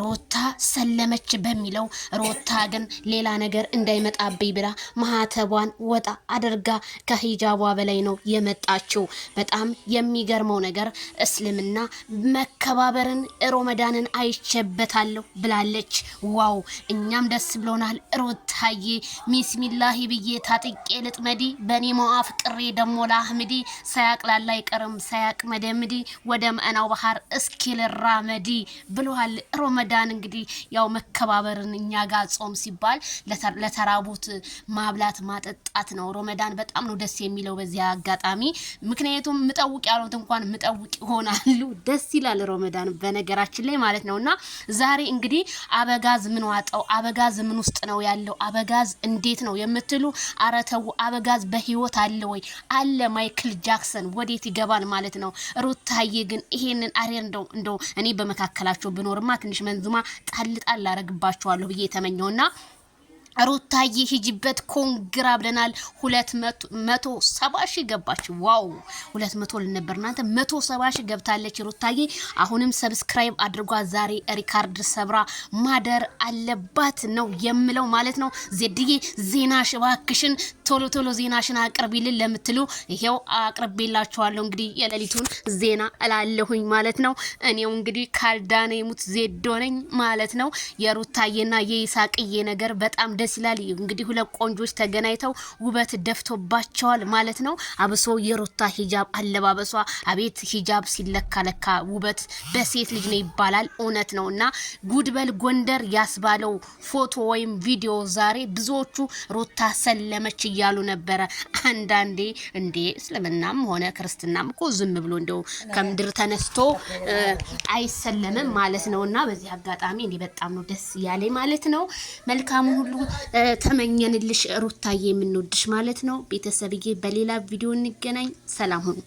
ሮታ ሰለመች በሚለው ሮታ ግን ሌላ ነገር እንዳይመጣብኝ ብላ ማህተቧን ወጣ አድርጋ ከሂጃቧ በላይ ነው የመጣችው። በጣም የሚገርመው ነገር እስልምና መከባበርን ሮመዳንን አይቼበታለሁ ብላለች። ዋው! እኛም ደስ ብሎናል ሮታ ሀዬ ሚስሚላሂ ብዬ ታጥቄ ልጥመዲ በኔ መዋፍ ቅሬ ደሞ ላህምዲ ሳያቅላላ አይቀርም ሳያቅ መደምዲ ወደ መእናው ባህር እስኪ ብለዋል። ሮመዳን እንግዲህ ያው መከባበርን እኛ ጋር ጾም ሲባል ለተራቡት ማብላት ማጠጣት ነው። ሮመዳን በጣም ነው ደስ የሚለው በዚያ አጋጣሚ ምክንያቱም ምጠውቅ ያሉት እንኳን ምጠውቅ ይሆናሉ። ደስ ይላል ሮመዳን በነገራችን ላይ ማለት ነው። እና ዛሬ እንግዲህ አበጋዝ ምን ዋጠው አበጋዝ ምን ውስጥ ነው ያለው አበጋዝ እንዴት ነው የምትሉ፣ አረተው አበጋዝ በህይወት አለ ወይ? አለ ማይክል ጃክሰን ወዴት ይገባል ማለት ነው። ሩታዬ ግን ይሄንን አሬር እንደው እንደው እኔ በመካከላቸው ብኖርማ ትንሽ መንዝማ ጣልጣል አረግባቸዋለሁ ብዬ የተመኘውና ሩታዬ ሂጅበት ኮንግራ ብለናል። ሁለት መቶ ሰባ ሺህ ገባች። ዋው ሁለት መቶ ልነበር እናንተ መቶ ሰባ ሺህ ገብታለች ሩታዬ። አሁንም ሰብስክራይብ አድርጓ። ዛሬ ሪካርድ ሰብራ ማደር አለባት ነው የምለው ማለት ነው። ዜድዬ ዜናሽ እባክሽን ቶሎ ቶሎ ዜናሽን አቅርቢልን ለምትሉ ይሄው አቅርቤላችኋለሁ። እንግዲህ የሌሊቱን ዜና እላለሁኝ ማለት ነው። እኔው እንግዲህ ካልዳነ የሙት ዜዶ ነኝ ማለት ነው። የሩታዬና የይሳቅዬ ነገር በጣም ደስ ይላል። እንግዲህ ሁለት ቆንጆች ተገናኝተው ውበት ደፍቶባቸዋል ማለት ነው። አብሶ የሩታ ሂጃብ አለባበሷ አቤት! ሂጃብ ሲለካለካ ውበት በሴት ልጅ ነው ይባላል። እውነት ነው እና ጉድበል ጎንደር ያስባለው ፎቶ ወይም ቪዲዮ ዛሬ ብዙዎቹ ሩታ ሰለመች እያሉ ነበረ። አንዳንዴ እንዴ እስልምናም ሆነ ክርስትናም እኮ ዝም ብሎ እንደው ከምድር ተነስቶ አይሰለምም ማለት ነው እና በዚህ አጋጣሚ እንዲህ በጣም ነው ደስ ያለኝ ማለት ነው። መልካሙን ሁሉ ተመኘንልሽ ሩታዬ፣ የምንወድሽ ማለት ነው። ቤተሰብዬ፣ በሌላ ቪዲዮ እንገናኝ። ሰላም ሁኑ።